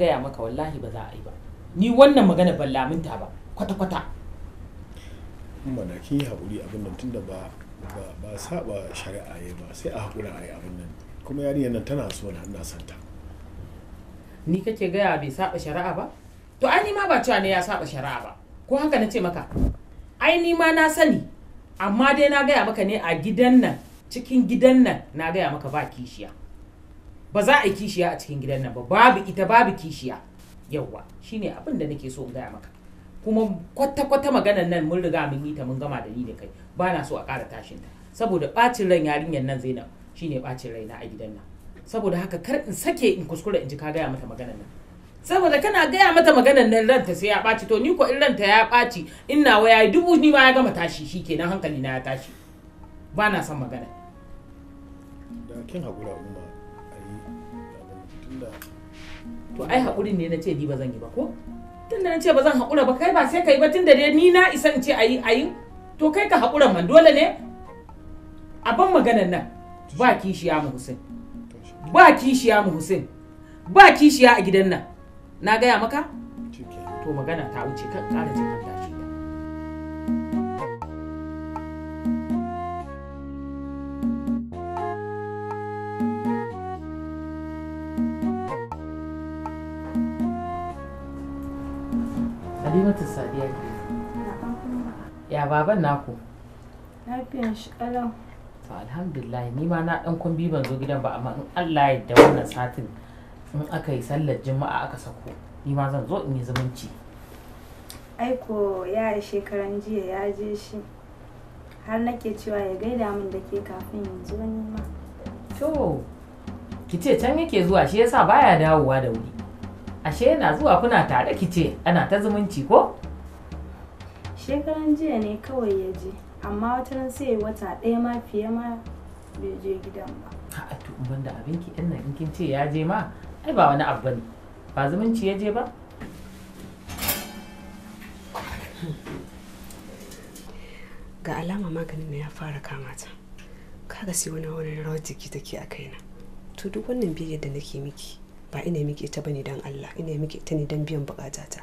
gaya maka wallahi ba za a yi ba ni wannan magana ban laminta ba kwata-kwata mana kin yi haƙuri abin nan tunda ba ba saba shari'a yayi ba sai a haƙura a yi abin nan kuma yarinyar nan tana so na ina santa ni kake gaya bai saba shari'a ba to ai ni ma ba cewa ne ya saba shari'a ba ko haka na ce maka ai ni ma na sani amma dai na gaya maka ne a gidan nan cikin gidan nan na gaya maka ba kishiya ba za a yi kishiya a cikin gidan nan ba babu ita babu kishiya yawa shine abin da nake so in gaya maka kuma kwata-kwata maganar nan mun riga mun yi ta mun gama da ni da kai ba na so a ƙara tashin ta saboda ɓacin ran yarinyar nan zainab shine ɓacin raina a gidan nan saboda haka kar in sake in kuskura in ji ka gaya mata maganar nan saboda kana gaya mata maganar nan ranta sai ya ɓaci to ni ko in ranta ya ɓaci in nawa ya yi dubu ni ma ya gama tashi shikenan hankali na ya tashi ba na son magana da kin hakura umma to ai haƙuri ne na ce ni ba zan yi ba ko tun da na ce ba zan haƙura ba kai ba sai ka yi ba tun da dai ni na isa in ce ayi ayi to kai ka haƙura man dole ne a ban maganar nan ba kishiya mu Hussein ba kishiya mu Hussein ba kishiya a gidan nan na gaya maka to magana ta wuce kan ƙara jin Ya baban naku? Lafiyan shi alam. To alhamdulillah ni ma na ɗan kumbi ban zo gidan ba amma in Allah ya da wannan satin in aka yi sallar juma'a aka sako ni ma zan zo in yi zumunci. Aiko ya yi shekaran jiya ya je shi har nake cewa ya gaida min da ke kafin ya zo ni ma. To ki ce can yake zuwa shi yasa baya dawowa da wuri. Ashe yana zuwa kuna tare ki ce ana ta zumunci ko? shekaran jiya ne kawai ya je amma wata ran sai wata ɗaya ma fiye ma bai je gidan ba a to da abin ki ɗin in kin ce ya je ma ai ba wani abu bane ba zumunci ya je ba ga alama maganin na ya fara kama ta kaga sai wani wani rawar jiki take a kaina to duk wannan biyayyar da nake miki ba ina miki ita bane dan Allah ina miki ita ne dan biyan bukatata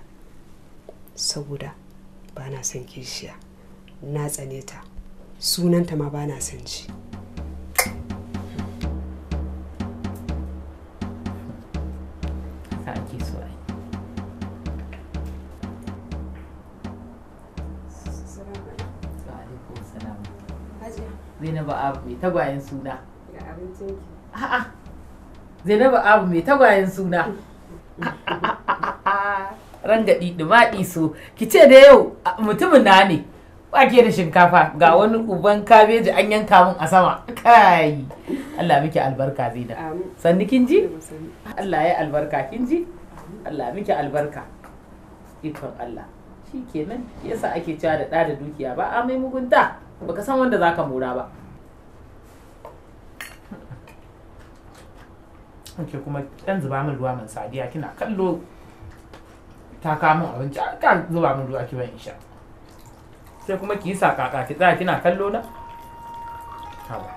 saboda ba na son kishiya na tsane ta sunanta ma ba na son ci Zainabu Abu mai tagwayen suna. A'a. Zainabu Abu mai tagwayen suna. rangadi ɗimaɗi su ki ce da yau mutumin na ne wake da shinkafa ga wani uban kabeji an yanka mun a sama kai Allah miki albarka zina sanni kin ji Allah ya albarka kin ji Allah miki albarka ikon Allah shi kenan yasa ake cewa da da dukiya ba a mai mugunta baka san wanda zaka mura ba Ok kuma ɗan zuba min ruwa mun sadiya kina kallo ta kama abinci an ka zuba min ruwa kiwon in sha sai kuma ki yi kaka ki tsaya kina kallo na haba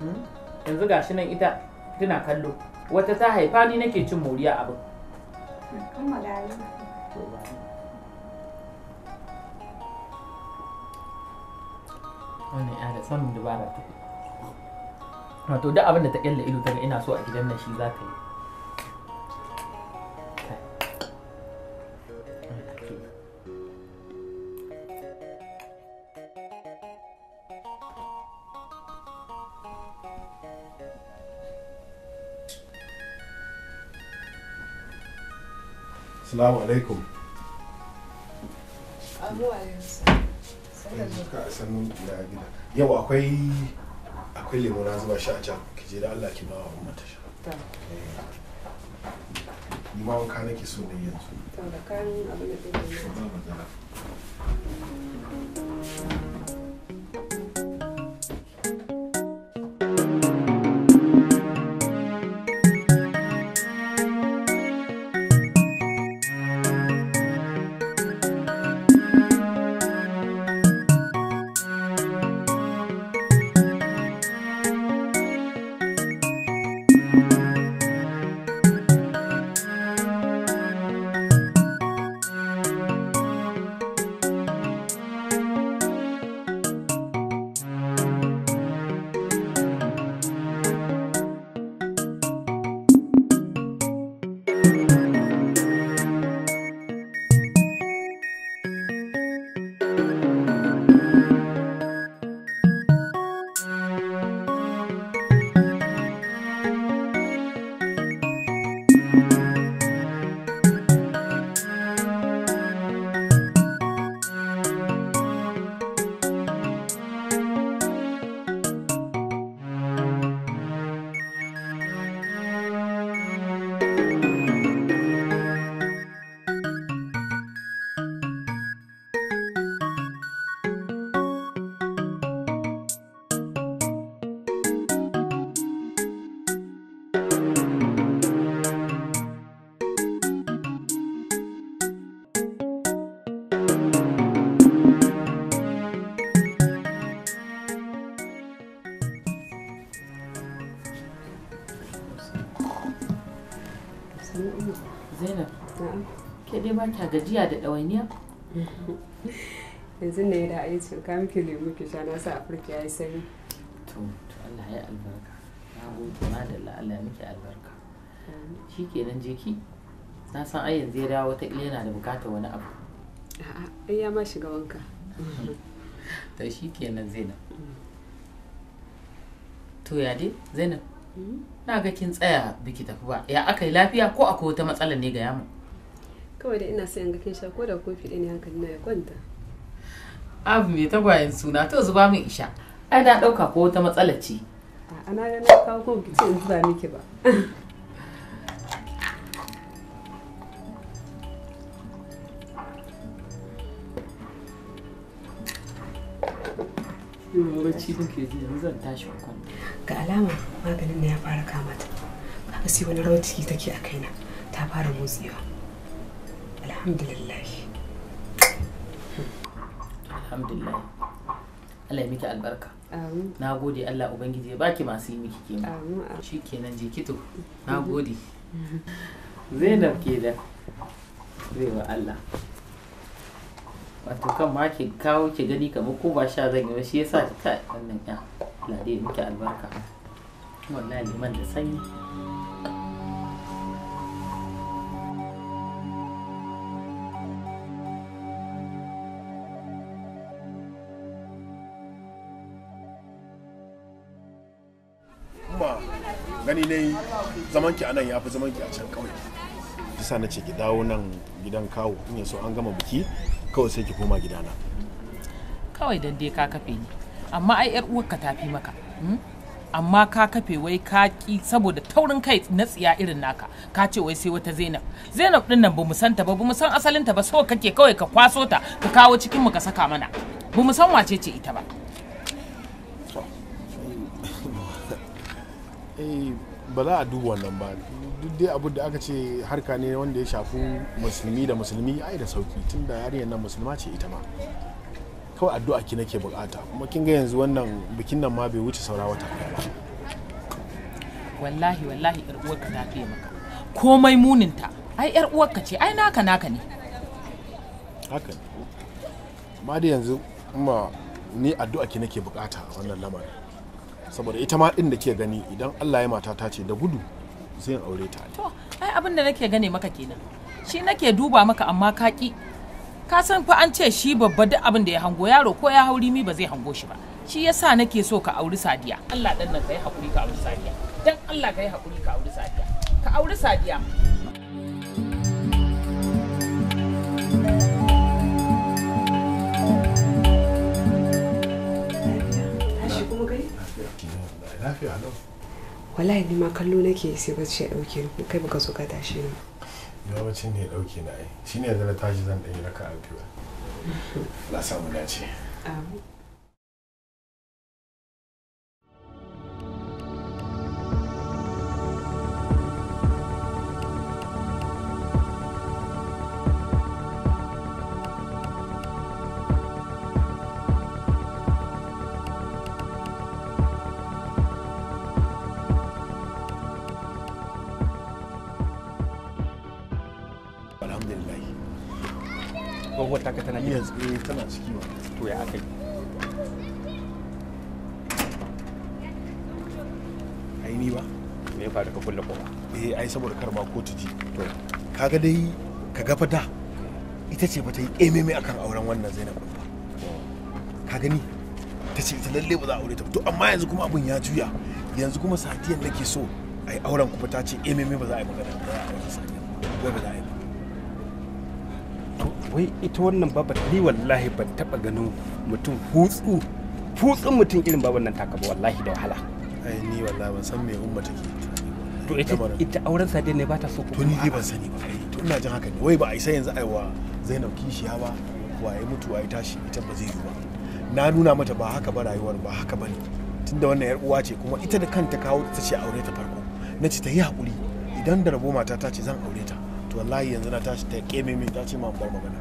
hmm? yanzu gashi nan ita tana kallo wata ta haifa ni nake cin moriya abin wannan ya da samun dubara take wato duk abin da ta kyalla ido daga ina so a gidan nan shi za ta yi Assalamu alaikum. Abu alaikum. Sannu da gida. Yau akwai akwai lemo na zuba shi a can ki je da Allah ki ba wa umma ta sha eh, ni ma wanka nake so ne yanzu to da kan abin da ke da ka gajiya da ɗawainiya yanzu ne da ai ce ka muke lemu ki sha nasa a afirka ya yi sani. to to Allah ya albarka na gode ma da Allah muke albarka shikenan je ki na san ai yanzu ya dawo ta yana da bukatar wani abu a'a ya ma shiga wanka to shikenan Zainab to ya dai Zainab mm. na ga kin tsaya biki tafi ba ya aka yi lafiya ko akwai wata matsala ne ga yamu kawai da ina son ga sha ko da kofi ɗaya ne hankali na ya kwanta abu mai tagwayen suna to zuba min isha ai na ɗauka ko wata matsala ce a na ga kawo ko ki ce in zuba miki ba bacci ji yanzu zan tashi ga alama maganin da ya fara kamata kaga sai wani rawar ciki take a kaina ta fara motsiwa. الحمد لله الحمد ya miki albarka na gode Allah ubangiji baki masu yi miki kenan shi na gode zainab ke da zai wa Allah wato kan ma ki kawo ki gani kamar ko ba sha zan yi ba shi yasa ki ta wannan ya miki albarka wallahi liman da sanyi zaman ki anan ya fi zaman ki a can kawai kisa na ce ki dawo nan gidan kawo in so an gama biki kawai sai ki koma gidana kawai dan dai ka kafe ni amma ai yar uwar ka tafi maka hmm? amma ka kafe wai ka ki saboda taurin kai na tsiya irin naka ka ce wai sai wata zainab zainab din nan bamu san ta ba bamu san asalin ta ba so kake kawai ka kwaso ta ka kawo cikin mu ka saka mana bamu san wace ce ita ba eh ba za a duba wannan ba duk dai abu da aka ce harka ne wanda ya shafi musulmi da musulmi ai da sauki tun da yarinyar nan musulma ce ita ma kawai addu'a ki nake bukata kuma kin ga yanzu wannan bikin nan ma bai wuce saura wata ba wallahi wallahi yar ka ta fiye maka komai ta ai yar ka ce ai naka naka ne haka ne amma da yanzu kuma ni addu'a ki nake bukata wannan lamarin saboda ita ma din da ke gani idan Allah ya mata ta ce da gudu sai in aure ta to ai abin da nake gane maka kenan shi nake duba maka amma kaki ki ka san fa an ce shi babba duk abin da ya hango yaro ko ya hauri mi ba zai hango shi ba shi yasa nake so ka auri sadiya Allah dan nan kai hakuri ka auri sadiya dan Allah kai hakuri ka auri sadiya ka auri sadiya lafiya lau wallahi ni ma kallo nake sai ba ya dauke ni kai baka so ka tashi ni cin ne ya dauke na ai shine yanzu na tashi zan dan yi raka'a biyu na samu dace amin yes eh tana ciki ba to ya akai ai ni ba me ya faru ka kulle kowa eh ai saboda kar ma ko ji to kaga dai ka ga fata ita ce ba ta yi ememe akan auren wannan Zainab ba hmm. ka gani ta ce ita lalle ba za a aure ta to amma yanzu kuma abun ya juya yanzu kuma satiyan nake so ai auren kuma ta ce ememe ba za a yi magana ba ba za a yi wai ita wannan babar ni wallahi ban taba ganin mutum hutsu hutsun mutum irin babar nan taka ba wallahi da wahala ai ni wallahi ban san me umma take to ita auren sa ne ba ta so to ni dai ban sani ba to ina jin haka ne wai ba a isa yanzu aiwa Zainab kishiya ba waye mutu waye tashi ita ba zai yi ba na nuna mata ba haka ba rayuwar ba haka bane tunda wannan yar uwa ce kuma ita da kanta kawo ta ce aure ta farko na ce ta yi hakuri idan da rabo mata ta ce zan aure ta wallahi yanzu na tashi ta keme min ta ce ma bar magana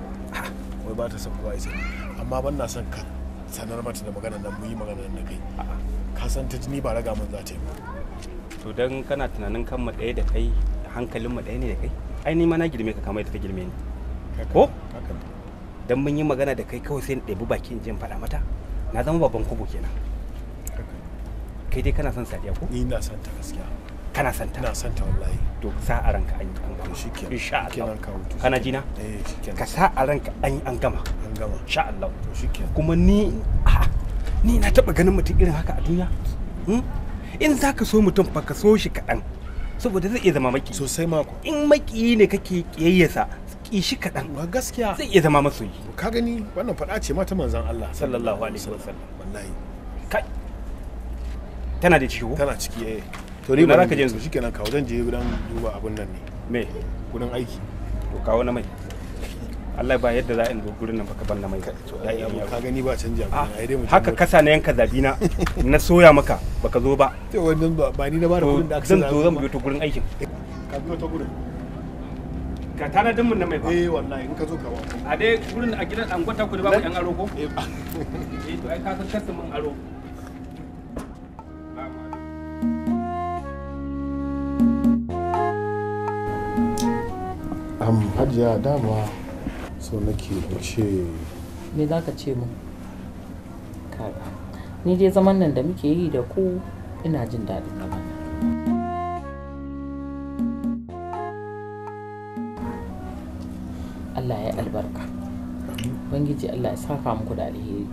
wai ba ta son kowa ya amma ban na son ka sanar mata da magana nan mu yi magana nan da kai ka san ta ni ba raga mun za ta yi to dan kana tunanin kan mu ɗaya da kai hankalin mu ɗaya ne da kai ai ni ma na girme ka kamar ita ta girme ni ko dan mun yi magana da kai kawai sai in ɗebi baki in je faɗa mata na zama babban kubo kenan kai dai kana son sadiya ko ni na son ta gaskiya kana santa na santa wallahi to ka sa a ranka an yi an gama shikenan insha Allah kana jina eh shikenan ka sa a ranka an yi an gama an gama insha Allah to shikenan kuma ni ni na taba ganin mutum irin haka a duniya hmm? in zaka so mutum fa ka so shi kaɗan saboda zai iya zama maki sosai mako in maki ne kake kiyayyasa ki kishi kaɗan ba gaskiya zai iya zama masoyi ka gani wannan fada ce mata manzon Allah sallallahu alaihi wasallam wallahi kai tana da ciwo tana ciki eh to ne ba za ka je yanzu shikenan kawo zan je gudan duba abun nan ne me gudan aiki to kawo na mai Allah ba yadda za in zo gurin nan baka ban na mai ka gani ba canja ah, haka kasa na yanka zabi na na soya maka baka zo ba to wannan ba ba ni na ba da gurin da aka zan zo zan biyo to gurin aikin ka biyo to gurin ka tana tanadin mun na mai ba eh wallahi in ka zo ka ba a dai gurin a gidan an gwata ku da babu yan aro ko eh, eh to ai ka san kasin mun aro hajiya dama so nake ce me za ka ce mu ni dai zaman nan da muke yi da ku ina jin daɗin zaman Allah ya albarka bangiji Allah ya saka muku da alheri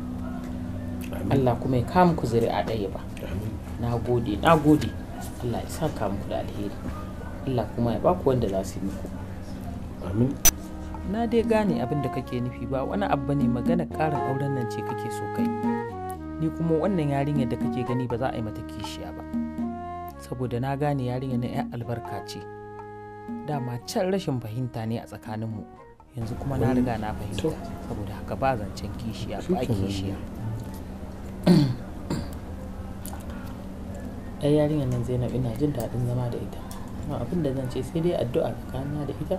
Allah kuma ya kama ku a ɗaya ba na gode na gode Allah ya saka muku da alheri Allah kuma ya baku wanda za su yi muku amin na dai gane abin da kake nufi ba wani abu ne magana ƙara auren nan ce kake so kai ni kuma wannan yarinyar da kake gani ba za a yi mata kishiya ba saboda na gane yarinyar na 'yan albarka ce dama can rashin fahimta ne a tsakaninmu yanzu kuma na riga na fahimta saboda haka ba zancen kishiya ba kishiya ɗan yarinyar nan zainab ina jin daɗin zama da ita abin da zan ce sai dai addu'a tsakanina da ita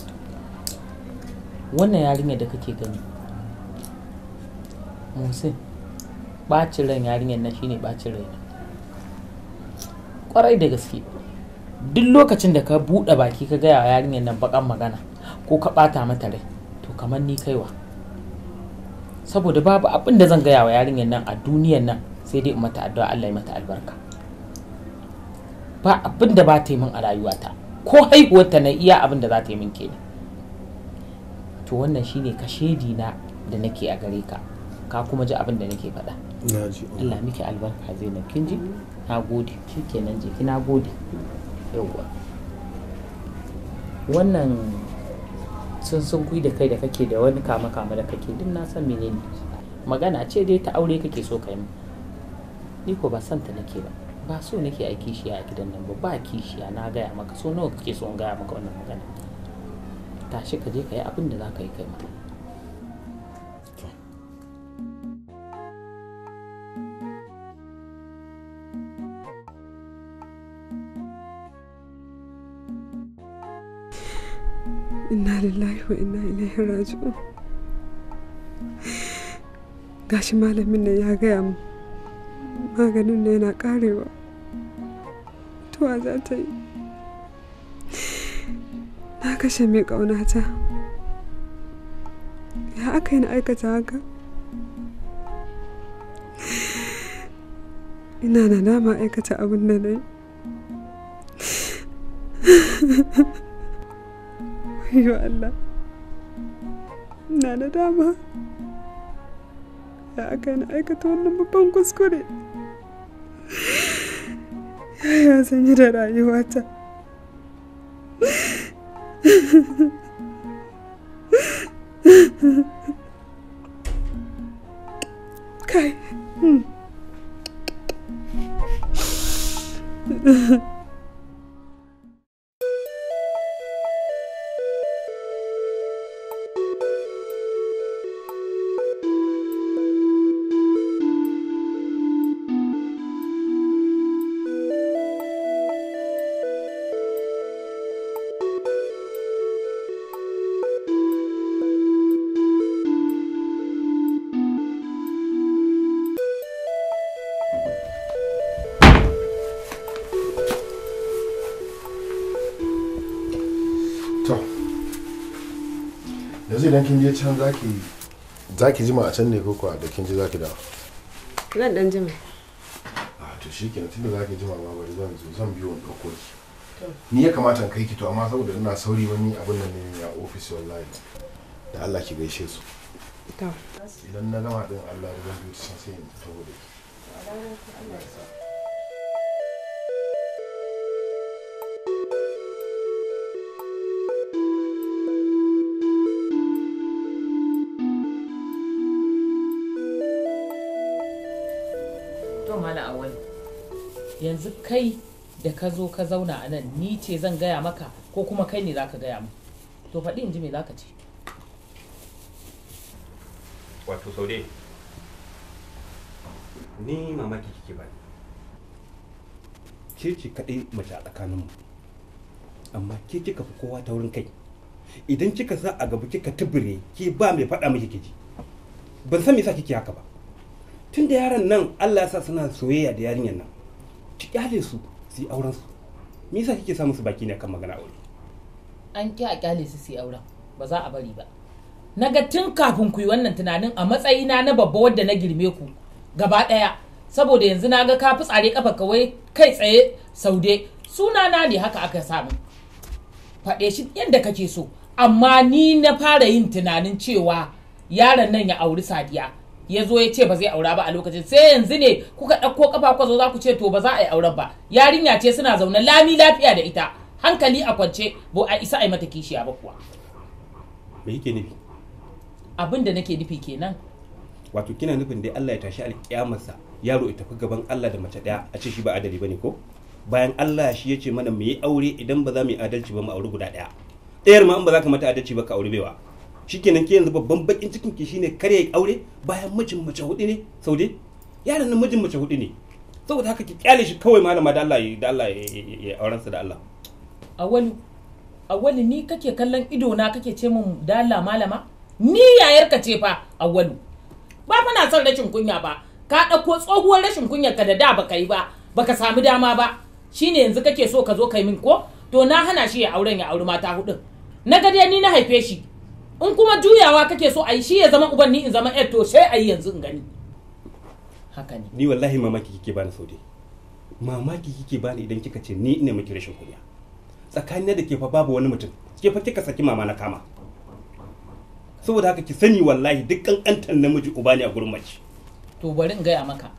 wannan yarinyar da kake gani musin bacin ran yarinyar na shine bacin rai kwarai da gaske duk lokacin da ka buɗe baki ka gaya wa yarinyar nan bakan magana ko ka ɓata mata rai to kamar ni kaiwa saboda babu abin da zan gaya wa yarinyar nan a duniyar nan sai dai mata addu'a Allah ya mata albarka ba abin da ba ta yi min a rayuwata ko haihuwarta na iya abin da za ta yi min kenan to wannan shine kashedi na da nake a gare ka ka kuma ji abin da nake faɗa Allah miki albarka zainab kin ji na gode shikenan je kina na gode yauwa wannan sun sun da kai da kake da wani kama kama da kake duk na san menene magana ce dai ta aure kake so kai ni ko ba san ta nake ba ba so nake a kishiya a gidan nan ba ba kishiya na gaya maka so nawa kake so in gaya maka wannan magana tashi ka je ka yi abin da za ka yi kai ma inna lillahi wa inna ilaihi raji'un gashi malamin nan ya gaya mu maganin da yana karewa tuwa za ta yi kashe min ƙaunata ya aka yi na aikata haka ina na dama aikata abin da dai yi Allah ina na dama ya aka yi na aikata wannan babban kuskure yaya zan yi da rayuwata yanzu idan kin je can zaki zaki jima a can ne ko kuwa da kin je zaki da nan dan jima a to shikenan tunda zaki jima ba bari zan zo zan biyo in dauko ki ni ya kamata in kai ki to amma saboda ina sauri wani abin nan ne a ofis wallahi da Allah ki gaishe su idan na gama din Allah da zan biyo san sai in tawo da ki yanzu kai da ka zo ka zauna a nan ni ce zan gaya maka ko kuma kai ne za ka gaya mu to faɗi in ji me za ka ce wato saude ni mamaki kike ba ke ce kaɗai mace a tsakaninmu amma ke kika fi kowa ta wurin kai idan kika sa a gaba kika tubure ke ba mai faɗa miki ji. ban san me yasa kike haka ba tunda yaran nan Allah ya sa suna soyayya da yarinyar nan ki kyale su su yi auren su me yasa kike sa su baki ne kan magana aure an ki a kyale su su yi auren ba za a bari ba na tun kafin ku yi wannan tunanin a matsayina na babba wadda na girme ku gaba ɗaya saboda yanzu na ga ka fi tsare kafa kawai kai tsaye saude sunana ne haka aka samu faɗe shi yadda kake so amma ni na fara yin tunanin cewa yaron nan ya auri sadiya ya zo ya ce ba zai aura ba a lokacin sai yanzu ne kuka ɗauko kafa kuka zo za ku ce to ba za a yi auren ba yarinya ce suna zaune lami lafiya da ita hankali a kwance bo a isa a yi mata kishiya ba kuwa me yake nufi abin da nake nufi kenan wato kina nufin dai Allah ya tashi alƙiyamarsa yaro ya tafi gaban Allah da mace daya a ce shi ba adali bane ko bayan Allah shi ya ce mana mu yi aure idan ba za mu yi adalci ba mu auri guda daya ɗayar ma in ba za ka mata adalci ba ka auri baiwa shikenan ke yanzu babban bakin cikin ki shine kare aure bayan mijin mace hudu ne saude yaran nan mijin mace hudu ne saboda haka ki kyale shi kawai malama da Allah da Allah ya aurensa da Allah a wani ni kake kallon ido na kake ce min da Allah malama ni yayar ka ce fa wani. ba fa na son rashin kunya ba ka dauko tsohuwar rashin kunyar ka da da baka yi ba baka samu dama ba shine yanzu kake so ka zo kai min ko to na hana shi ya auren ya auri mata hudun na gade ni na haife shi in kuma juyawa kake so a yi shi ya zama uban ni in zama ƴar to sai a yi yanzu in gani haka ne ni wallahi mamaki kike bani saude mamaki kike bani idan kika ce ni ina miki rashin kunya tsakanin da ke fa babu wani mutum ke fa kika saki mama na kama saboda haka ki sani wallahi duk kankantar namiji uba ne a gurin mace to bari in gaya maka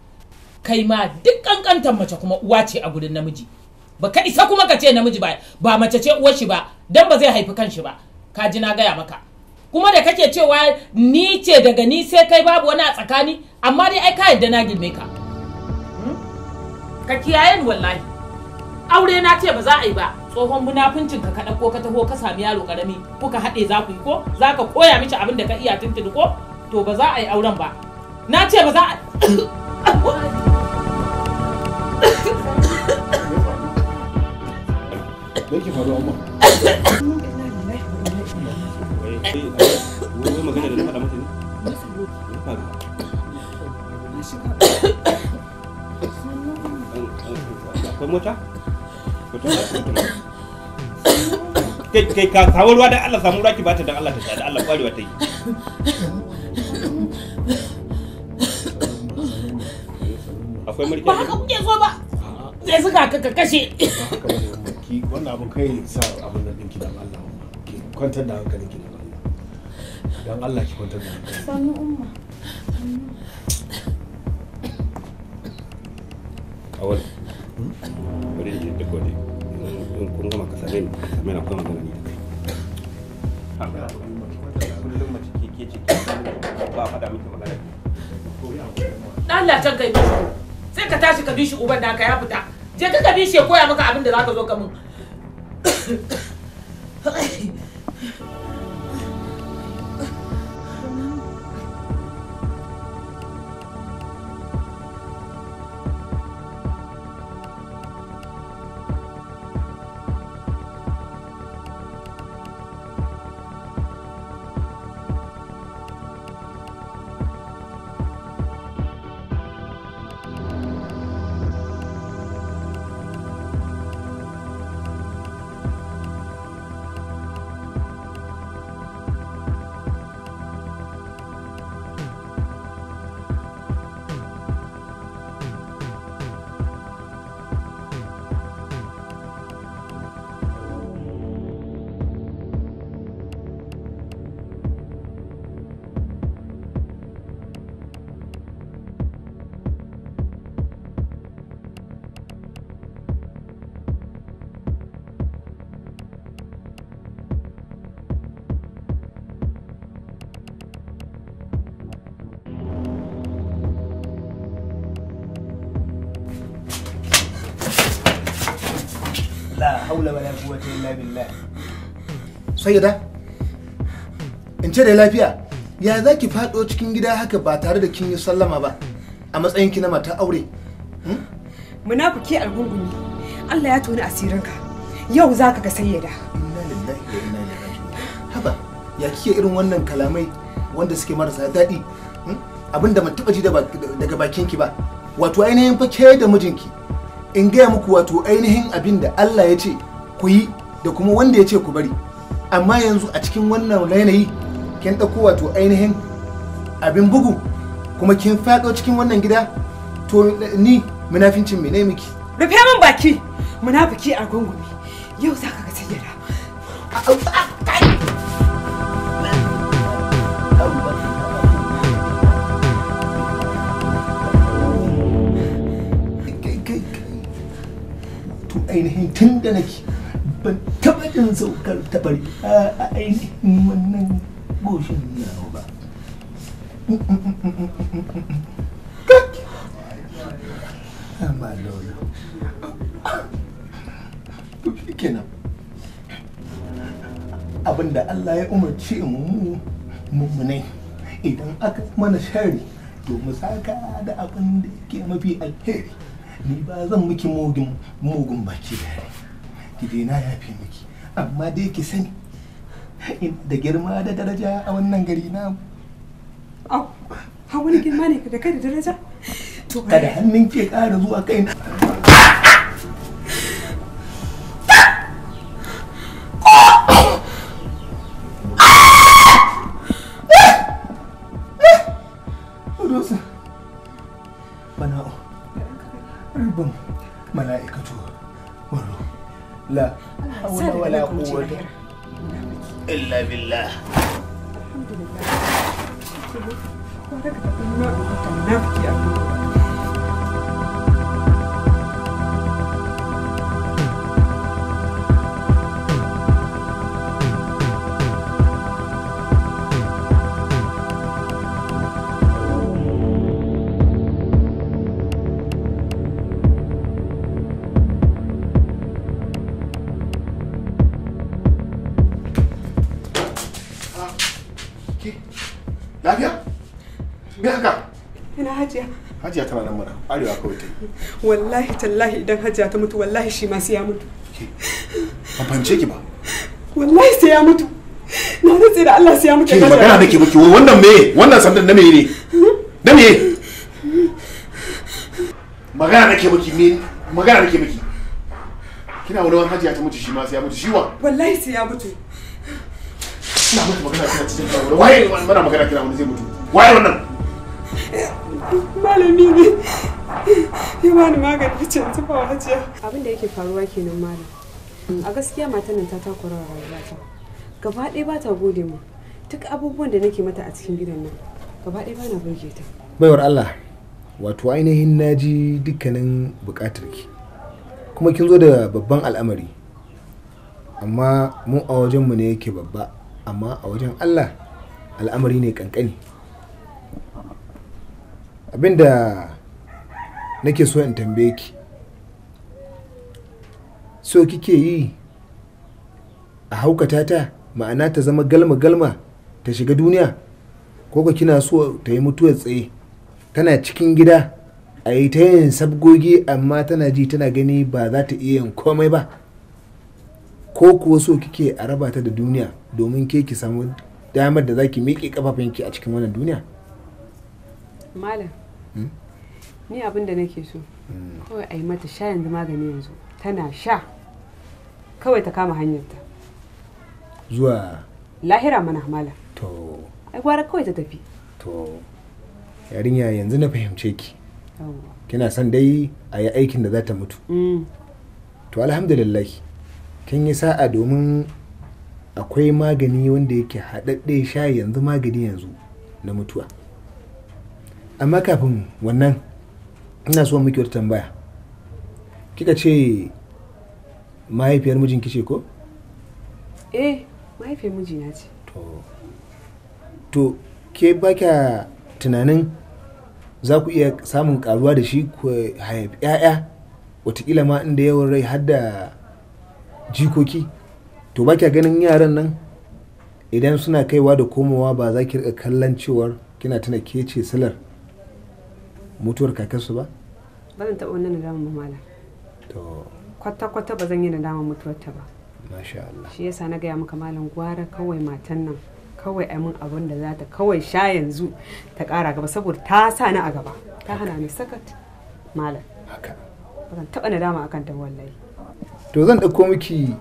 kai ma duk kankantar mace kuma uwa ce a gurin namiji ba ka isa kuma ka ce namiji ba ba mace ce uwar shi ba dan ba zai haifi kanshi ba ka ji na gaya maka kuma da kake cewa ni ce daga ni sai kai babu wani a tsakani amma dai ai ka yadda na girme ka ka kiyaye ni wallahi aure na ce ba za a yi ba tsohon munafincin ka kaɗa ko ka taho ka sami yaro karami kuka haɗe za ku yi ko za ka koya miki abin da ka iya tuntuni ko to ba za a yi auren ba na ce ba za a Me wani magana da na faɗa faru akwai mota kai ka ruwa da Allah samu ruwa ki bata da Allah ta da Allah kwarewa ta yi akwai mulki ba haka kuke so ba sai suka ka kashe wannan kai sa abin da dinki da Allah ki kwantar da hankalinki dan Allah ki kwantar da sannu umma awal bari ji duk wani kun gama ka same ni mai na kuma magana ni da kai kullum mace ke ke ciki ba faɗa miki magana Allah ta kai sai ka tashi ka bi shi uban naka ya fita je ka ka bi shi ya koya maka abin da zaka zo ka mun illa billah sayyida in ce da lafiya ya za ki faɗo cikin gida haka ba tare da kin yi sallama ba a matsayin ki na mata aure hmm? munafiki algungumi Allah ya toni asirinka yau za ka ga sayyada inna lillahi wa inna ilaihi raji'un haba ya kike irin wannan kalamai wanda suke marasa daɗi hmm? abinda ban taɓa ji daga bakinki ba wato ainihin fa ke da mijinki in gaya muku wato ainihin abinda Allah ya ce ku yi da kuma wanda ya ce ku bari amma yanzu a cikin wannan yanayi kin ɗauko wato ainihin abin bugu kuma kin faɗo cikin wannan gida to ni munafincin me ne miki rufe min baki munafiki a gungume yau za ka ga sayyara ainihin tun nake ban taba jin saukar tabar a ainihin wannan goshin yawo ba amma lolo to kenan abinda Allah ya umarci mu mummunai idan aka mana shari to mu da abin da yake mafi alheri ni ba zan miki mugun baki da ki dai na yafe miki amma dai ki sani da girma da daraja a wannan gari na au ha wani girma ne ka da kai da daraja to kada hannun ke kara zuwa kaina hajiya tana nan mana arewa kawai ta wallahi tallahi idan hajiya ta mutu wallahi shi ma sai ya mutu ban fahimce ki ba wallahi sai ya mutu na rantse da Allah sai ya mutu ki magana nake miki wannan me wannan sandan na me ne da me magana nake miki me magana nake miki kina wani wani hajiya ta mutu shi ma sai ya mutu shi wa wallahi sai ya mutu ina mutu magana kina cikin waye mana magana kina wani zai mutu waye wannan malami ne ya ni magani wacce in zuba abinda yake faruwa kenan malam a gaskiya matan nan ta takura wa rayuwata gaba ɗaya ba ta gode mu duk abubuwan da nake mata a cikin gidan nan gaba ɗaya ba na burge ta baiwar Allah wato ainihin naji dukkanin buƙatar ki kuma kin zo da babban al'amari amma mu a wajenmu ne yake babba amma a wajen Allah al'amari ne kankani abinda nake so in tambaye ki so kike yi a haukata ta ma'ana ta zama galma-galma ta shiga duniya ko kina so ta yi mutuwar tsaye tana cikin gida a yi ta yin sabgogi amma tana ji tana gani ba za ta iya yin komai ba ko kuwa so kike a raba ta da duniya domin ke ki samu damar da za ki miƙe kafafunki a cikin wannan duniya malam Hmm? ni abin da nake so hmm. kawai a yi mata sha yanzu magani yanzu tana sha kawai ta kama hanyarta zuwa lahira mana hamala to ai gwara kawai ta tafi to yarinya yanzu na fahimce ki kina son dai a yi aikin da za ta mutu hmm. to alhamdulillah kin yi sa'a domin akwai magani wanda yake haɗaɗɗe sha yanzu magani yanzu na mutuwa amma kafin wannan ina so miki wata tambaya kika ce mahaifiyar mijin kice ko eh mahaifiyar mijina ce to to ke baka tunanin za ku iya samun karuwa da shi ku haifi 'ya'ya watakila ma inda yawan rai har da jikoki to ba ganin yaran nan idan suna kaiwa da komowa ba za ki rika kallon cewar kina tuna ke ce salar. mutuwar kakarsu ba ba zan taɓa wannan nadama mamala kwata-kwata ba zan yi nadama mutuwarta ba masha Allah shi yasa na gaya maka malam gwara kawai matan nan kawai ai abin da za ta kawai sha yanzu ta ƙara gaba saboda ta sa ni a gaba ta hana ni sakat malam ba zan taɓa nadama akan ta wallahi to zan ɗauko miki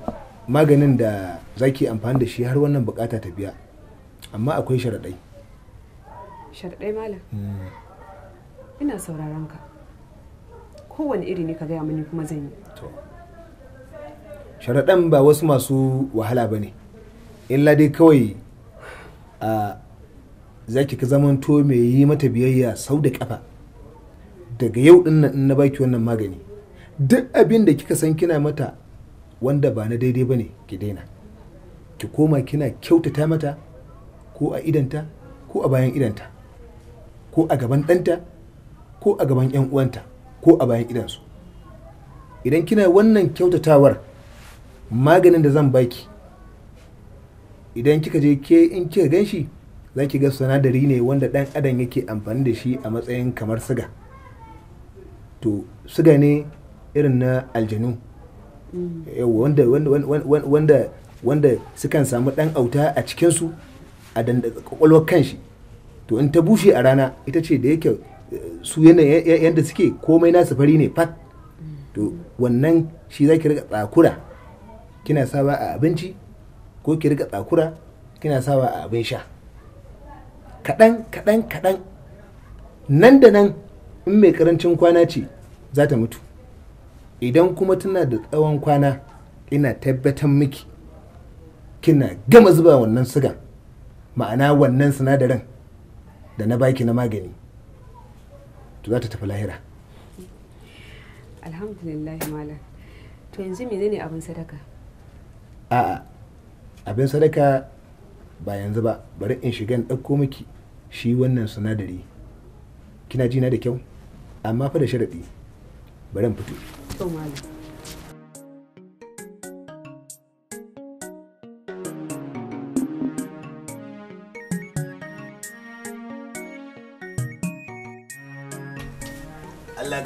maganin da zaki amfani da shi har wannan bukata ta biya amma akwai sharaɗai sharaɗai malam mm. ina sauraron ka kowane iri ne ka gaya mini kuma zan yi sharaɗan ba wasu masu wahala bane ne illa dai kawai a za ki ka zamanto mai yi mata biyayya sau da ƙafa daga yau ɗin in na baki wannan magani duk abin da kika san kina mata wanda ba na daidai bane ki daina ki koma kina kyautata mata ko a idanta ko a bayan idanta ko a gaban ɗanta ko a gaban 'yan uwanta ko a bayan idansu idan kina wannan kyautatawar maganin da zan baki idan kika je ke in kika gan shi za ki ga sanadari ne wanda dan adam yake amfani da shi a matsayin kamar siga to siga ne irin na aljanu wanda wanda wanda sukan samu dan auta a cikinsu a dandatsa kwakwalwar kanshi to in ta bushe a rana ita ce da yake su yadda suke komai na safari ne fat to wannan shi za ki riga tsakura kina saba a abinci ko ki riga tsakura kina saba a abin sha kaɗan kaɗan kaɗan nan da nan in mai karancin kwana ce za ta mutu idan kuma tana da tsawon kwana ina tabbatar miki kina gama zuba wannan sugan ma'ana wannan sinadarin da na baki na magani to za ta tafi lahira alhamdulillah mala to yanzu menene abin sadaka a'a abin sadaka ba yanzu ba bari in shiga in ɗauko miki shi wannan sinadari kina jina da kyau amma fa da sharaɗi bari in fito to mala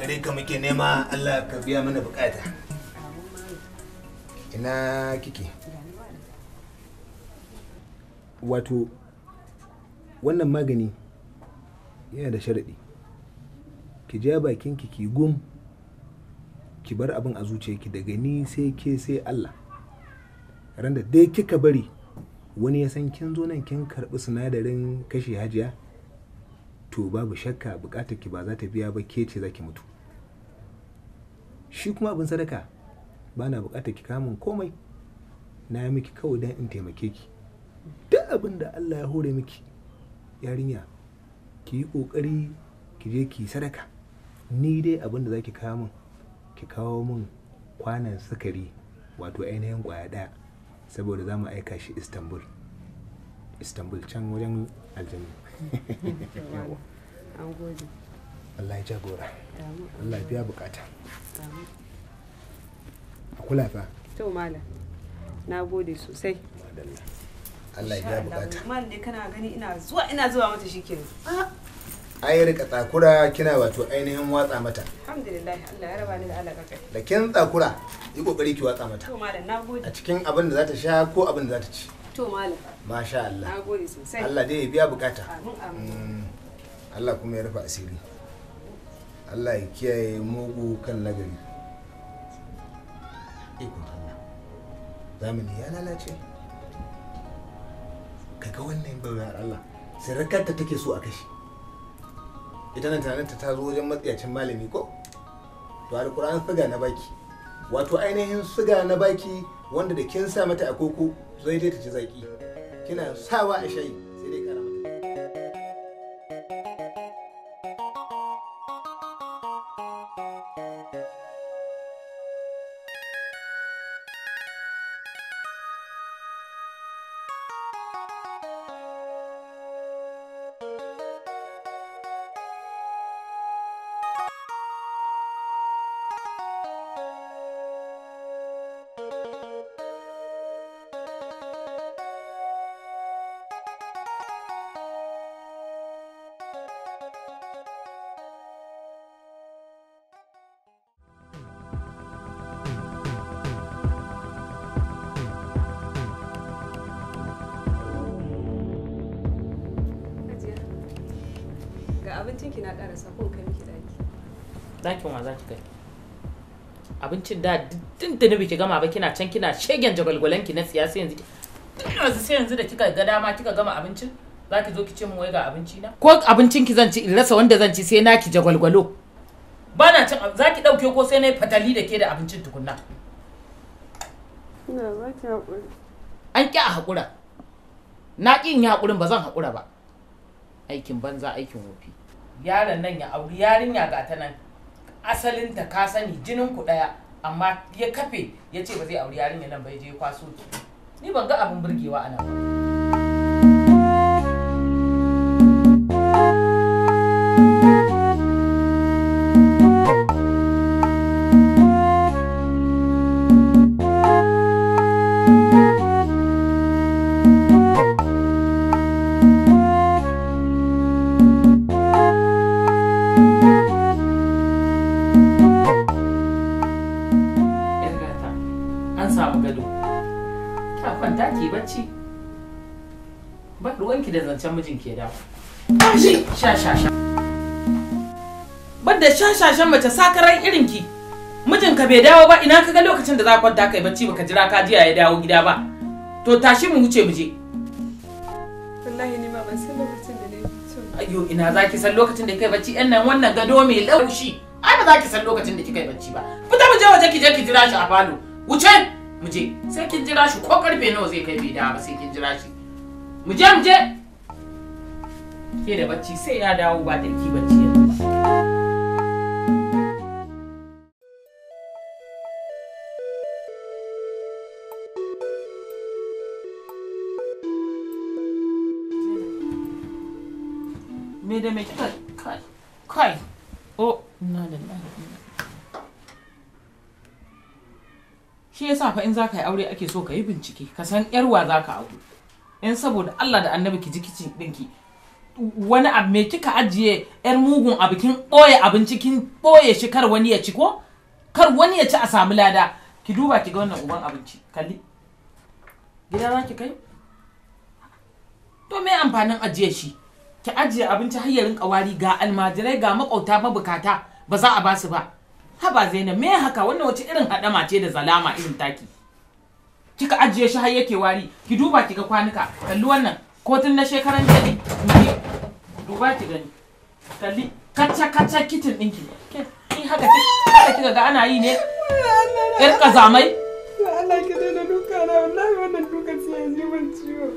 gare ka muke nema Allah ka biya mana bukata ina kike wato wannan magani yana da sharaɗi ki ja bakinki ki gum ki bar abin a zuciyarki daga ni sai ke sai Allah da dai kika bari wani ya san kin zo nan kin karɓi sinadarin kashe hajiya to babu shakka bukatar ki ba za ta biya ba ke ce za ki mutu shi kuma abin sadaka ba na bukatar ki kamun komai na yi miki kawai don in taimake ki duk abin da Allah ya hore miki yarinya ki yi kokari ki je ki sadaka ni dai abin da za ki min ki kawo min kwanan sukari wato ainihin kwaya daya saboda za mu aika shi istanbul istanbul can wajen aljanu Allah ya jagora Allah ya biya bukata a kula fa Allah ya bukata tsakura kina wato ainihin watsa mata alhamdulillah Allah ya raba ni da alaka da kin takura yi kokari ki watsa mata to a cikin abin za ta sha ko abin za ta ci masha Allah Allah dai biya bukata mm. Allah kuma ya rufa asiri allah ya kiyaye mugu kan nagari ikon allah zamani ya lalace kaga wannan bauyar allah ta take so a kashi ita nan tunaninta ta zo wajen matsiyacin malami ko to alkur'an suga na baki wato ainihin suga na baki wanda da kin sa mata a koko zai ta ci zaki kina sawa a shayi na karasa kai miki daki dakin wa za ki kai abincin da da ni biki gama ba kina can kina shegen jagwalgwalan ki na siyasa yanzu yanzu sai yanzu da kika ga dama kika gama abincin za ki zo ki ce mu wai ga abinci na ko abincin ki zan ci in rasa wanda zan ci sai na ki jagalgalo ba na cin za ki dauke ko sai na yi fatali da ke da abincin tukunna an ƙi a haƙura na ƙin ya haƙurin ba zan haƙura ba aikin banza aikin wofi yaron nan ya auri yarinya ga ta nan asalin ta ka sani jinin ku daya amma ya kafe ya ce ba zai auri yarinya nan ba ya je kwaso ki ni ban ga abin burgewa a nan ba can mijin ke dawo tashi sha sha sha badda sha sha sha mace sakaran irin ki Mijin ka bai dawo ba ina kaga lokacin da za kwanta kai bacci baka jira ka jiya ya dawo gida ba to tashi mu wuce muje. wallahi ni ma ban san lokacin da ne ayo ina za ki san lokacin da kai bacci ɗan nan wannan gado mai laushi ai ba za ki san lokacin da kika yi bacci ba fita mu je waje ki je ki jira shi a falo wuce muje sai kin jira shi ko karfe nawa zai kai bai dawo ba sai kin jira shi mu je mu je ke da bacci sai ya dawo ba da ki bacci yanzu ba me da me kika kai kai o na da na shi yasa fa in za ka yi aure ake so ka yi bincike ka san yarwa za ka aure in saboda Allah da annabi ki ji kici ɗinki wani abu mai kika ajiye yar mugun abu kin ɓoye abinci kin boye shi kar wani ya ci ko kar wani ya ci a samu lada ki duba ki ga wannan uban abinci kalli gida za ki kai to me amfanin ajiye shi ki ajiye abinci har ya rinka wari ga almajirai ga makwauta mabukata ba za a ba su ba Ha ba zainab me haka wannan wace irin hadama ce da zalama irin taki kika ajiye shi har yake wari ki duba ki ga kwanuka kalli wannan kotun na shekaran jiya duba ki gani kalli kacca kacca kitin ɗinki in haka ki haka kika ga ana yi ne yar kazamai Allah ki daina duka na wallahi wannan duka ce yanzu mun ciwo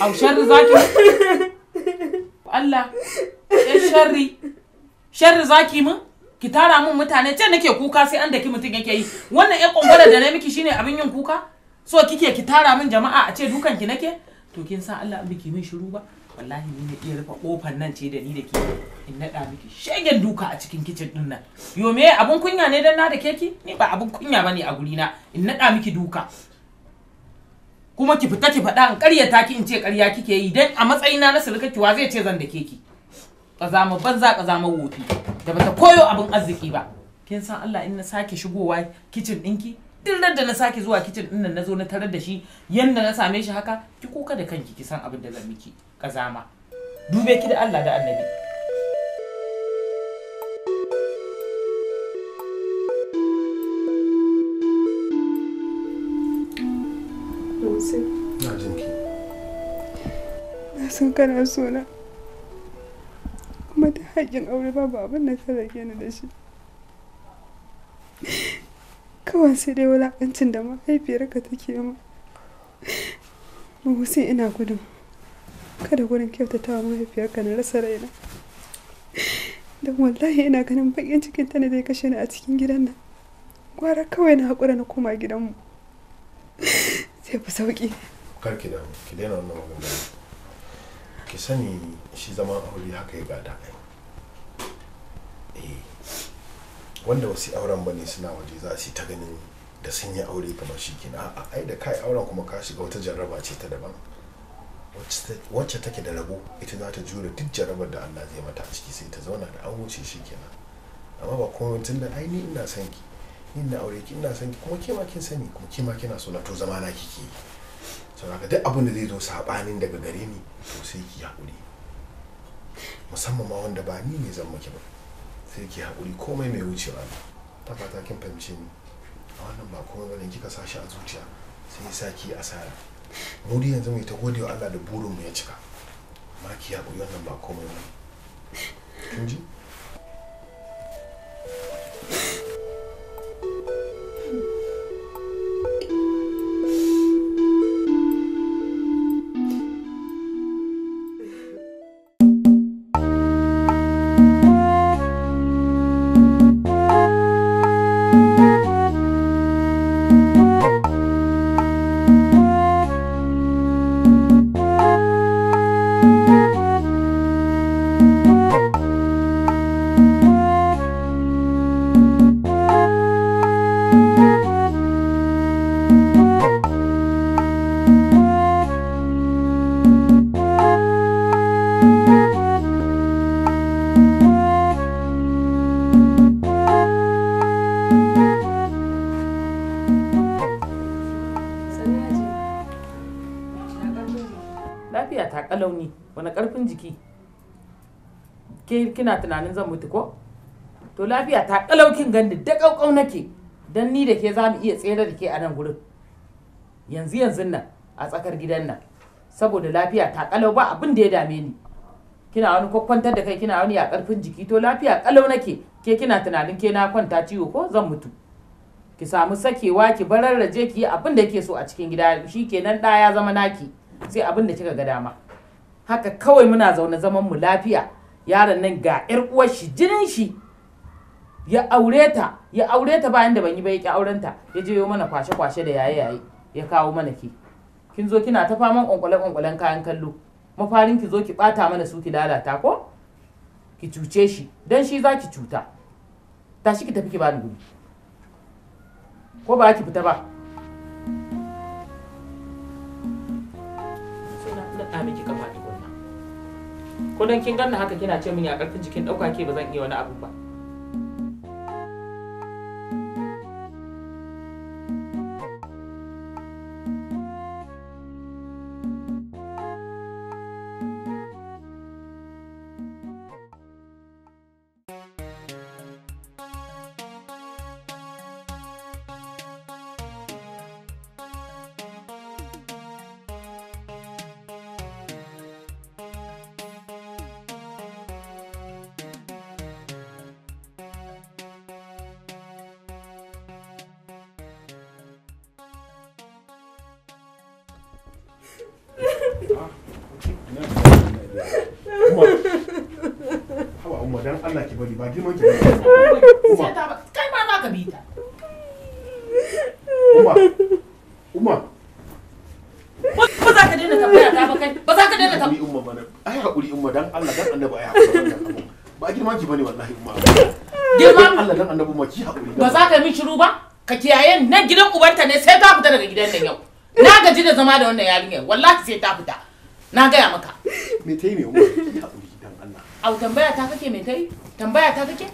au sharri zaki Allah ya sharri sharri zaki mun ki tara mun mutane ce nake kuka sai an da ki mutun yake yi wannan ya kongara da na miki shine abin yin kuka so kike ki tara mun jama'a a ce dukan ki nake to kin san Allah biki min shiru ba wallahi ni ne iya rufe kofar nan ce da ni da ke in naɗa miki shagen duka a cikin kicin ɗin nan yo me abun kunya ne dan na da keki ni ba abun kunya bane a guri na in naɗa miki duka kuma ki fita ki faɗa in ƙaryata ki in ce ƙarya kike yi dan a matsayina na sulka kiwa zai ce zan da keki kazama banza kazama wofi da bata koyo abin arziki ba kin san Allah in na sake shigowa kicin ɗinki duk da na sake zuwa kicin ɗin nan na zo na tarar da shi yanda na same shi haka ki kuka da kanki ki san abin da zan miki kazama dube ki da Allah da annabi na san kana suna kuma ta haƙƙin aure babu abin da ka rage ni da shi kawai sai dai wulaƙancin da mahaifiyarka take ma ba ina gudun kada gurin kyautatawa mahaifiyar ka na rasa raina don wallahi ina ganin bakin cikin ta ne zai kashe ni a cikin gidan nan gwara kawai na haƙura na koma gidanmu sai fi sauƙi karki ki damu ki daina wannan magana ki sani shi zaman aure haka ya gada eh wanda wasu auren bane suna waje za su ta ganin da sun yi aure kamar shi kina a'a ai da kai auren kuma ka shiga wata jarraba ce ta daban wacce take da rabo ita za ta jure duk jarabar da Allah zai mata a ciki sai ta zauna da an wuce shi kenan amma ba komai tun da ai ni ina son ki ni ina aure ki ina son ki kuma ke ma kin sani kuma ke ma kina so to zama na kike yi saboda duk abin da zai zo sabanin daga gare ni to sai ki haƙuri musamman ma wanda ba ni ne zan ba sai ki haƙuri komai mai wucewa ne ta fata kin fahimce ni a wannan ba komai bane kika sa shi a zuciya sai ya sa ki asara rudi yanzu mai ta gode wa Allah da burin mu ya cika maki ya koyi wannan ba komai ba kin ji lafiya ta kalauni ne wani karfin jiki ke kina tunanin zan mutu ko to lafiya ta kalau kin gandi da kaukau nake don ni da ke za mu iya tsere da ke a nan gurin yanzu yanzun nan a tsakar gidan nan saboda lafiya ta kalau ba abin da ya dame ni kina wani kwakwantar da kai kina wani ya karfin jiki to lafiya kalau nake ke kina tunanin ke na kwanta ciwo ko zan mutu ki samu sakewa ki bararraje ki yi abin da ke so a cikin gida shi kenan ɗaya ya zama naki sai abin da kika ga dama haka kawai muna zaune zaman mu lafiya yaron nan ga yar uwar shi jinin shi ya aure ta ya aure ta bayan da ban yi ba ya auren ta ya je yo mana kwashe kwashe da yaye yaye ya kawo mana ki kin zo kina ta faman kwankwalen kwankwalen kayan kallo mafarin ki zo ki bata mana su ki lalata ko ki cuce shi dan shi za ki cuta tashi ki tafi ki bani gudu ko ba ki fita ba ko dan kin ganna haka kina ce min ya karfin jikin ɗauka ke ba zan iya wani abu ba dan Allah ki bari ba girman ki ba kai ma za ka bi ta Uma Uma ba za ka daina tambaya ta ba kai ba za ka daina tambaya Umma bana ai hakuri Umma dan Allah dan annabi ai hakuri ba girman ki bane wallahi Umma girman Allah dan annabi Umma ki hakuri ba za ka yi shiru ba ka kiyaye nan gidan ubanta ne sai ta fita daga gidan nan yau na gaji da zama da wannan yarinyar wallahi sai ta fita na gaya maka me ta yi ne Umma tambaya ta kake mai kai tambaya ta kake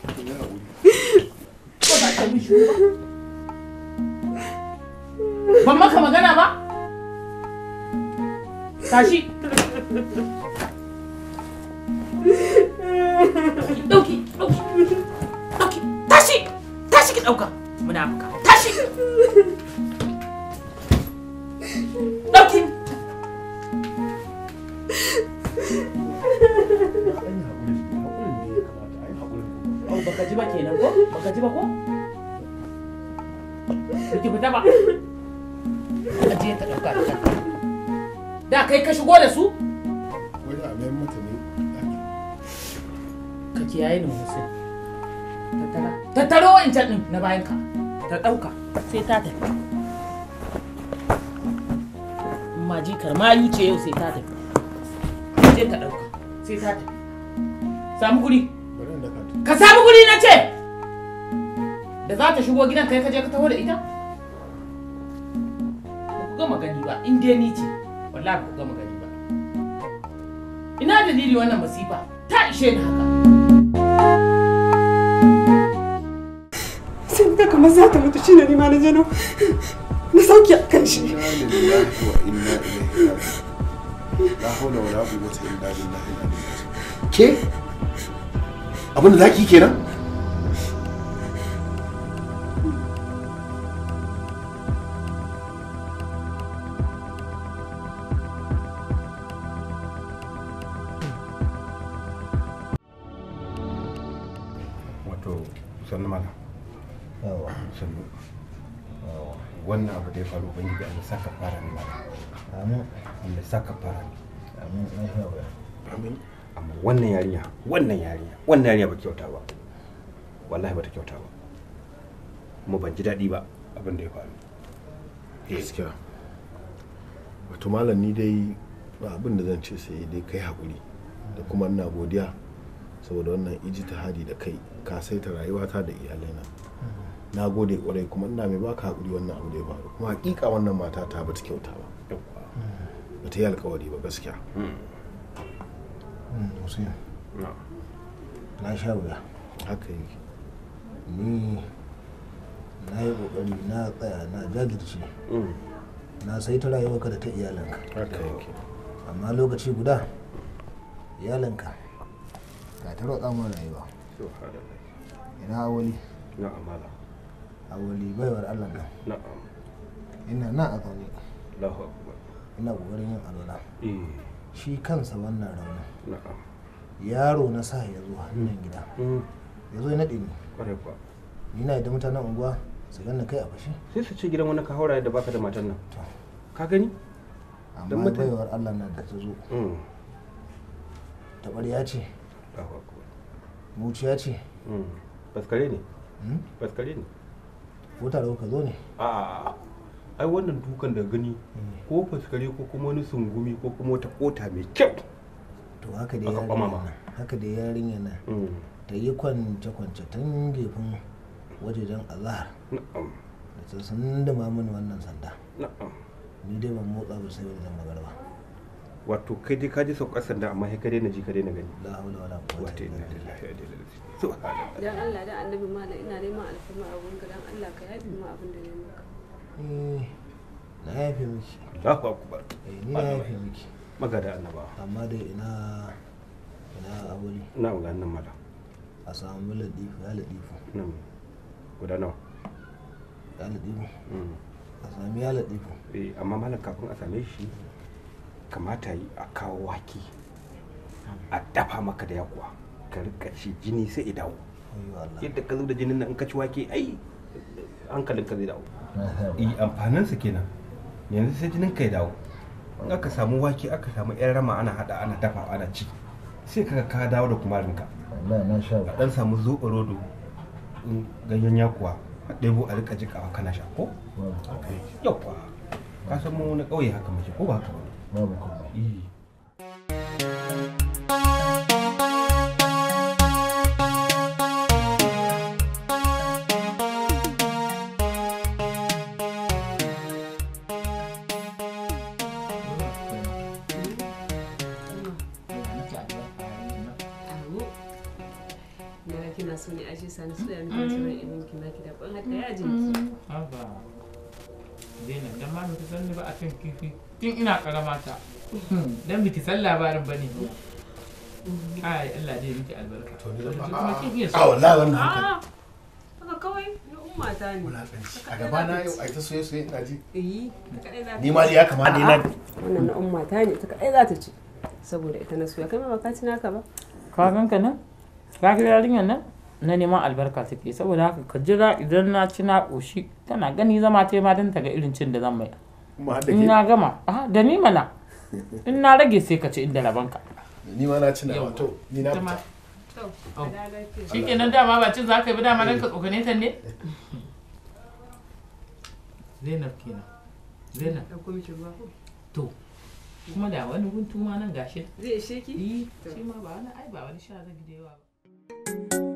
Tattara, tattaro wancan din na bayan ka ta ɗauka sai ta tafi amma jikar mayu ce yau sai ta tafi je ta ɗauka sai ta tafi samu guri ka samu guri na ce da za ta shigo gidan kai ka je ka taho da ita ba ku gama gani ba in dai ni ce wallahi ba ku gama gani ba ina dalili wannan masifa ta ishe ni haka kamar za ta mutu shi ne nima na jano na sauki a kan shi ke abinda za ki kenan za ka fara amin amma wannan yarinya wannan yarinya wannan yarinya ba kyauta ba wallahi ba ta kyauta ba kuma ban ji daɗi ba abin da ya faru eh. gaskiya wato malam ni dai ba abin da zan ce sai dai kai hakuri da kuma ina godiya saboda wannan ijtihadi da kai ka saita rayuwata da iyalaina hmm. na gode kwarai kuma ina mai baka hakuri wannan abu da ya faru kuma hakika wannan mata ta bata kyauta ba ba ta yi alkawari ba gaskiya hmm. Hmm, na sha wuya haka yi ni na yi kokari na tsaya na jajirce hmm. na sai ta rayuwarka da ta iyalanka amma lokaci guda iyalanka ga ta roƙa mun rayuwa ina awali awali baiwar allah ina na a zaune ina ƙoƙarin yin alwala mm. shi kansa wannan raunin yaro na sa ya zo hannun gida mm. ya zo ya naɗe ni ni na yadda mutanen unguwa su ganna kai a fashe sai su ce gidan wani ka haura da baka da matan nan ka gani amma baiwar allah nan da ta zo mm. ya ce muciya ce baskare ne hmm? baskare ne ko tare ka zo ne a'a ai wannan dukan da gani ko faskare ko kuma wani sungumi ko kuma wata kota mai kyau to haka da yarinya haka da yarinya na mm. ta yi kwance kwance tun gefen wajajen azhar da ta san da mamun wannan sanda ni dai ban motsa ba sai da magana ba wato kai dai ka ji saukar sanda amma kai na ji ka na gani la haula wala quwwata illa billahi dan Allah da annabi mala ina neman alfarma a gurin dan Allah ka yafi mu abin da ne maka Eh, na haife miki Allahu akbar eh, ni na haife miki magada annaba amma dai ina ina abuli na ga nan mala a samu ladifu ya ladifu nan guda nawa ya ladifu mm. a sami ya ladifu eh amma malam kafin a same shi kamata yi a kawo waki a dafa maka da yakuwa ka rika shi jini sai ya dawo yadda ka zo da jinin nan in ka ci wake ai hankalinka zai dawo Eh, amfaninsa kenan yanzu sai jinin kai dawo in aka samu wake aka samu yan rama ana hada ana dafa ana ci sai kaga ka dawo da kuma a dan samu zoɓa rodo ganyen yakuwa a ɗebo a rika jikawa kana sha ko yauwa ka samu na ƙauye haka mace ko ba haka ba karama ta hmm, biki san labarin bane ai Allah dai miki albarka to ni kuma kin iya so a wallahi wannan haka haka kawai na umma ta ne a gaba na yau ai ta soye soye ina ji eh, hmm. ni ma ya kamata ina wannan na umma ta ne ta kadai za ta ci saboda ita na soya kai ma baka ci naka ba ka ganka nan ka ga yarinyar nan na neman albarka take saboda haka ka jira idan na ci na ƙoshi tana gani zama ta ma don ta ga irin cin da zan mai kuma har da ke na gama da ni mana in na rage sai ka ci inda rabanka ni ma na ci na wato ni na fita shi kenan dama ba cin za ka yi ba dama ranka ka tsokane ta ne zainab kenan zainab to kuma da wani guntu ma nan gashi zai sheki eh, shi ma ba wani ai ba wani sha zagi da yawa ba